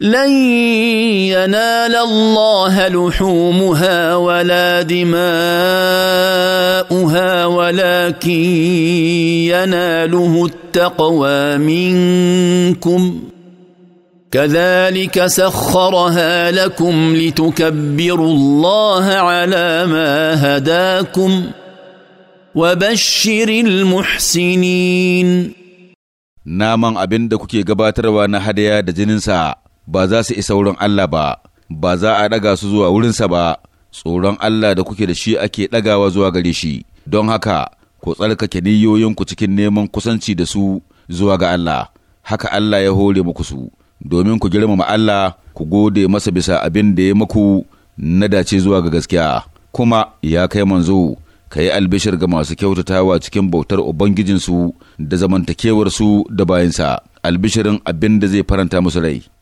لن ينال الله لحومها ولا دماؤها ولكن يناله التقوى منكم كذلك سخرها لكم لتكبروا الله على ما هداكم وبشر المحسنين نعم أبن دكوكي غباتر وانا na دجنسا ba za su isa wurin Allah ba, ba za a ɗaga su zuwa wurinsa ba, tsoron Allah da kuke da shi ake ɗagawa zuwa gare shi, don haka ku tsarkake niyoyinku cikin neman kusanci da su zuwa ga Allah, haka Allah ya hore muku su, domin ku girmama Allah ku gode masa bisa abin da ya muku na dace zuwa ga gaskiya, kuma ya kai manzo. ka yi albishir ga masu kyautatawa cikin bautar Ubangijinsu da zamantakewarsu da bayansa, albishirin abin da zai faranta musu rai.